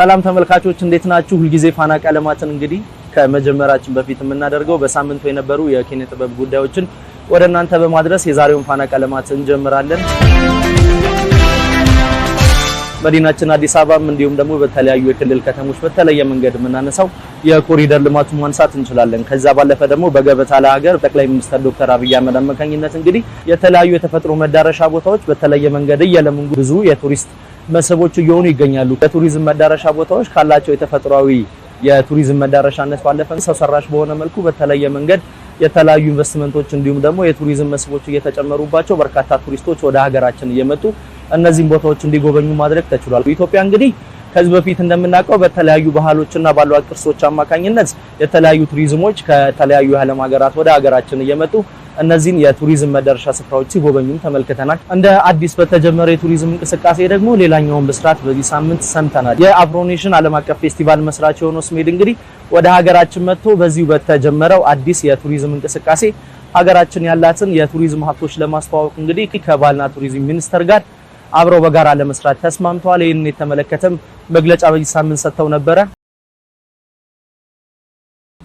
ሰላም ተመልካቾች እንዴት ናችሁ? ሁልጊዜ ፋና ቀለማትን እንግዲህ ከመጀመራችን በፊት የምናደርገው በሳምንቱ የነበሩ የኪነ ጥበብ ጉዳዮችን ወደ እናንተ በማድረስ የዛሬውን ፋና ቀለማት እንጀምራለን። መዲናችን አዲስ አበባም እንዲሁም ደግሞ በተለያዩ የክልል ከተሞች በተለየ መንገድ የምናነሳው የኮሪደር ልማቱን ማንሳት እንችላለን። ከዛ ባለፈ ደግሞ በገበታ ለሀገር ጠቅላይ ሚኒስትር ዶክተር አብይ አህመድ አማካኝነት እንግዲህ የተለያዩ የተፈጥሮ መዳረሻ ቦታዎች በተለየ መንገድ እየለሙ ብዙ የቱሪስት መስህቦቹ እየሆኑ ይገኛሉ። ለቱሪዝም መዳረሻ ቦታዎች ካላቸው የተፈጥሯዊ የቱሪዝም መዳረሻነት ባለፈ ሰው ሰራሽ በሆነ መልኩ በተለየ መንገድ የተለያዩ ኢንቨስትመንቶች እንዲሁም ደግሞ የቱሪዝም መስህቦች እየተጨመሩባቸው በርካታ ቱሪስቶች ወደ ሀገራችን እየመጡ እነዚህም ቦታዎች እንዲጎበኙ ማድረግ ተችሏል። ኢትዮጵያ እንግዲህ ከዚህ በፊት እንደምናውቀው በተለያዩ ባህሎችና ባሏት ቅርሶች አማካኝነት የተለያዩ ቱሪዝሞች ከተለያዩ የዓለም ሀገራት ወደ ሀገራችን እየመጡ እነዚህን የቱሪዝም መዳረሻ ስፍራዎች ሲጎበኙም ተመልክተናል። እንደ አዲስ በተጀመረ የቱሪዝም እንቅስቃሴ ደግሞ ሌላኛውን ብስራት በዚህ ሳምንት ሰምተናል። የአፍሮኔሽን ዓለም አቀፍ ፌስቲቫል መስራች የሆነው ስሜድ እንግዲህ ወደ ሀገራችን መጥቶ በዚሁ በተጀመረው አዲስ የቱሪዝም እንቅስቃሴ ሀገራችን ያላትን የቱሪዝም ሀብቶች ለማስተዋወቅ እንግዲህ ከባህልና ቱሪዝም ሚኒስቴር ጋር አብረው በጋራ ለመስራት ተስማምተዋል። ይህንን የተመለከተም መግለጫ በዚህ ሳምንት ሰጥተው ነበረ።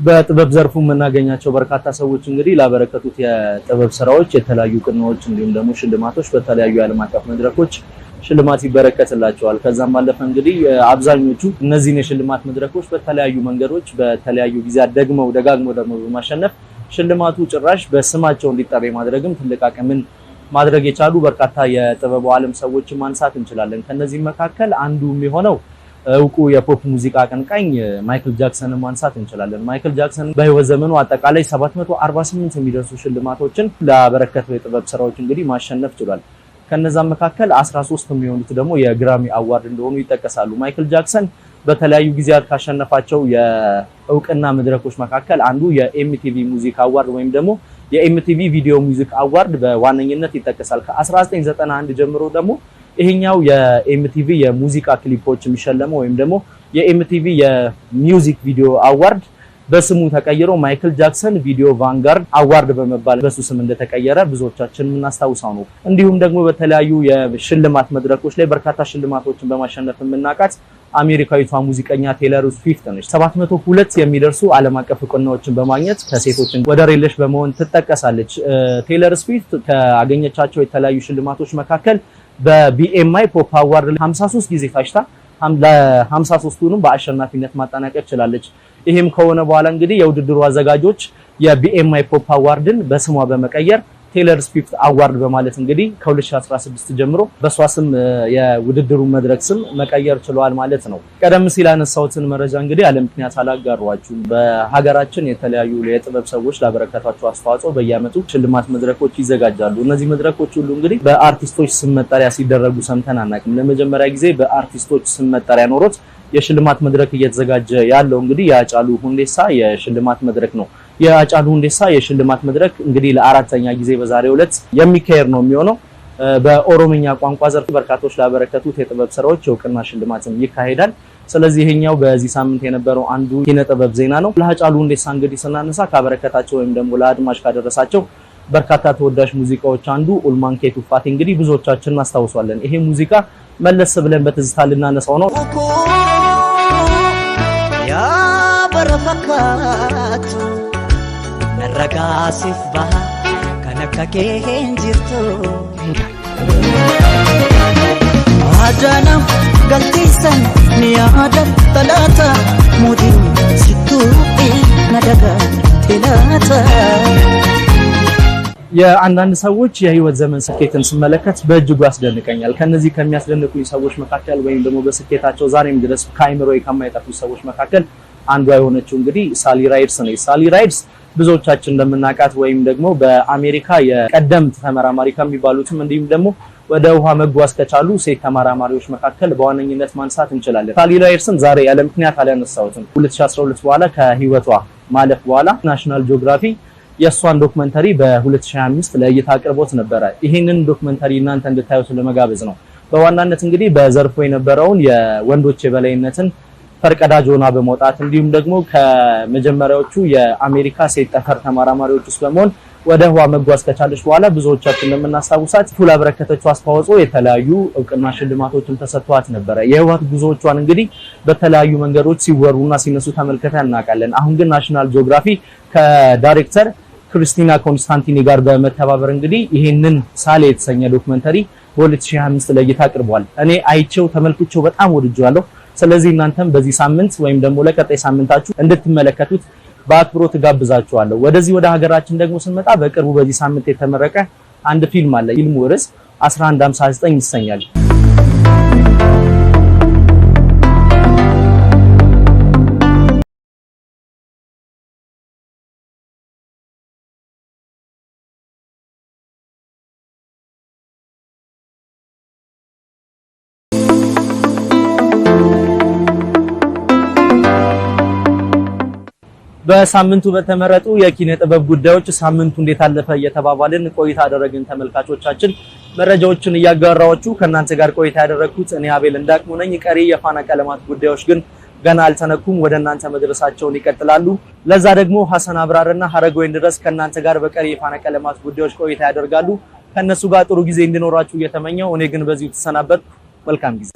በጥበብ ዘርፉ የምናገኛቸው በርካታ ሰዎች እንግዲህ ላበረከቱት የጥበብ ስራዎች የተለያዩ ቅናዎች እንዲሁም ደግሞ ሽልማቶች በተለያዩ የዓለም አቀፍ መድረኮች ሽልማት ይበረከትላቸዋል። ከዛም ባለፈ እንግዲህ አብዛኞቹ እነዚህን የሽልማት መድረኮች በተለያዩ መንገዶች በተለያዩ ጊዜያት ደግመው ደጋግመው ደግሞ በማሸነፍ ሽልማቱ ጭራሽ በስማቸው እንዲጠራ ማድረግም ትልቅ አቅምን ማድረግ የቻሉ በርካታ የጥበቡ ዓለም ሰዎችን ማንሳት እንችላለን። ከነዚህም መካከል አንዱ የሚሆነው እውቁ የፖፕ ሙዚቃ አቀንቃኝ ማይክል ጃክሰንን ማንሳት እንችላለን። ማይክል ጃክሰን በህይወት ዘመኑ አጠቃላይ 748 የሚደርሱ ሽልማቶችን ላበረከተው የጥበብ ስራዎች እንግዲህ ማሸነፍ ችሏል። ከነዛ መካከል 13 የሚሆኑት ደግሞ የግራሚ አዋርድ እንደሆኑ ይጠቀሳሉ። ማይክል ጃክሰን በተለያዩ ጊዜያት ካሸነፋቸው የእውቅና መድረኮች መካከል አንዱ የኤምቲቪ ሙዚክ አዋርድ ወይም ደግሞ የኤምቲቪ ቪዲዮ ሙዚክ አዋርድ በዋነኝነት ይጠቀሳል። ከ1991 ጀምሮ ደግሞ ይሄኛው የኤምቲቪ የሙዚቃ ክሊፖች የሚሸለመው ወይም ደግሞ የኤምቲቪ የሚውዚክ ቪዲዮ አዋርድ በስሙ ተቀይሮ ማይክል ጃክሰን ቪዲዮ ቫንጋርድ አዋርድ በመባል በሱ ስም እንደተቀየረ ብዙዎቻችን የምናስታውሰው ነው። እንዲሁም ደግሞ በተለያዩ የሽልማት መድረኮች ላይ በርካታ ሽልማቶችን በማሸነፍ የምናውቃት አሜሪካዊቷ ሙዚቀኛ ቴለር ስዊፍት ነች። 702 የሚደርሱ ዓለም አቀፍ እውቅናዎችን በማግኘት ከሴቶች ወደር የለሽ በመሆን ትጠቀሳለች። ቴለር ስዊፍት ከአገኘቻቸው የተለያዩ ሽልማቶች መካከል በቢኤምአይ ፖፕ አዋርድ 53 ጊዜ ታጭታ ለ53ቱንም በአሸናፊነት ማጠናቀቅ ችላለች። ይህም ከሆነ በኋላ እንግዲህ የውድድሩ አዘጋጆች የቢኤምአይ ፖፕ አዋርድን በስሟ በመቀየር ቴይለር ስዊፍት አዋርድ በማለት እንግዲህ ከ2016 ጀምሮ በእሷ ስም የውድድሩ መድረክ ስም መቀየር ችለዋል ማለት ነው። ቀደም ሲል ያነሳሁትን መረጃ እንግዲህ ያለ ምክንያት አላጋሯችሁም። በሀገራችን የተለያዩ የጥበብ ሰዎች ላበረከታቸው አስተዋጽኦ በየአመቱ ሽልማት መድረኮች ይዘጋጃሉ። እነዚህ መድረኮች ሁሉ እንግዲህ በአርቲስቶች ስም መጠሪያ ሲደረጉ ሰምተን አናውቅም። ለመጀመሪያ ጊዜ በአርቲስቶች ስም መጠሪያ ኖሮት የሽልማት መድረክ እየተዘጋጀ ያለው እንግዲህ የአጫሉ ሁንዴሳ የሽልማት መድረክ ነው። የሃጫሉ ሁንዴሳ የሽልማት መድረክ እንግዲህ ለአራተኛ ጊዜ በዛሬው ዕለት የሚካሄድ ነው የሚሆነው። በኦሮምኛ ቋንቋ ዘርፍ በርካቶች ላበረከቱት የጥበብ ስራዎች እውቅና ሽልማትም ይካሄዳል። ስለዚህ ይሄኛው በዚህ ሳምንት የነበረው አንዱ ኪነጥበብ ዜና ነው። ለአጫሉ ሁንዴሳ እንግዲህ ስናነሳ ካበረከታቸው ወይም ደግሞ ለአድማጭ ካደረሳቸው በርካታ ተወዳጅ ሙዚቃዎች አንዱ ኡልማን ኬ ቱፋቴ እንግዲህ ብዙዎቻችን እናስታውሷለን። ይሄ ሙዚቃ መለስ ብለን በትዝታ ልናነሳው ነው። Raga asiif baha kan akka kee hin jirtu. Aadaanam galteessan ni yaadan talaata muudiin situufi nadaga telaata. የአንዳንድ ሰዎች የህይወት ዘመን ስኬትን ስመለከት በእጅጉ ያስደንቀኛል። ከነዚህ ከሚያስደንቁኝ ሰዎች መካከል ወይም ደግሞ በስኬታቸው ዛሬም ድረስ ከማይጠፉ ሰዎች መካከል አንዷ የሆነችው እንግዲህ ሳሊ ራይድስ ሳሊ ራይድስ ብዙዎቻችን እንደምናውቃት ወይም ደግሞ በአሜሪካ የቀደምት ተመራማሪ ከሚባሉትም እንዲሁም ደግሞ ወደ ውሃ መጓዝ ከቻሉ ሴት ተመራማሪዎች መካከል በዋነኝነት ማንሳት እንችላለን። ታሊላ ኤርሰን ዛሬ ያለ ምክንያት አላነሳሁትም። 2012 በኋላ ከህይወቷ ማለፍ በኋላ ናሽናል ጂኦግራፊ የእሷን ዶክመንተሪ በ2025 ለእይታ አቅርቦት ነበረ። ይህንን ዶክመንተሪ እናንተ እንድታዩት ለመጋበዝ ነው። በዋናነት እንግዲህ በዘርፉ የነበረውን የወንዶች የበላይነትን ፈርቀዳጅ ሆና በመውጣት እንዲሁም ደግሞ ከመጀመሪያዎቹ የአሜሪካ ሴት ጠፈር ተመራማሪዎች ውስጥ በመሆን ወደ ህዋ መጓዝ ከቻለች በኋላ ብዙዎቻችን እንደምናስታውሳት ላበረከተችው አስተዋጽኦ የተለያዩ እውቅና ሽልማቶችን ተሰጥቷት ነበረ። የህዋት ጉዞዎቿን እንግዲህ በተለያዩ መንገዶች ሲወሩና ሲነሱ ተመልክተን እናውቃለን። አሁን ግን ናሽናል ጂኦግራፊ ከዳይሬክተር ክርስቲና ኮንስታንቲኒ ጋር በመተባበር እንግዲህ ይህንን ሳሌ የተሰኘ ዶክመንተሪ በ2025 ለእይታ አቅርቧል። እኔ አይቼው ተመልክቼው በጣም ወድጄዋለሁ። ስለዚህ እናንተም በዚህ ሳምንት ወይም ደግሞ ለቀጣይ ሳምንታችሁ እንድትመለከቱት በአክብሮት ጋብዛችኋለሁ። ወደዚህ ወደ ሀገራችን ደግሞ ስንመጣ በቅርቡ በዚህ ሳምንት የተመረቀ አንድ ፊልም አለ። ፊልሙ ርዕስ 1159 ይሰኛል። በሳምንቱ በተመረጡ የኪነ ጥበብ ጉዳዮች ሳምንቱ እንዴት አለፈ እየተባባልን ቆይታ አደረግን ተመልካቾቻችን መረጃዎችን እያጋራዎቹ ከእናንተ ጋር ቆይታ ያደረግኩት እኔ አቤል እንዳቅሙ ነኝ። ቀሪ የፋና ቀለማት ጉዳዮች ግን ገና አልተነኩም፣ ወደ እናንተ መድረሳቸውን ይቀጥላሉ። ለዛ ደግሞ ሀሰን አብራርና ሀረጎይን ድረስ ከእናንተ ጋር በቀሪ የፋና ቀለማት ጉዳዮች ቆይታ ያደርጋሉ። ከእነሱ ጋር ጥሩ ጊዜ እንዲኖራችሁ እየተመኘው እኔ ግን በዚሁ ተሰናበት። መልካም ጊዜ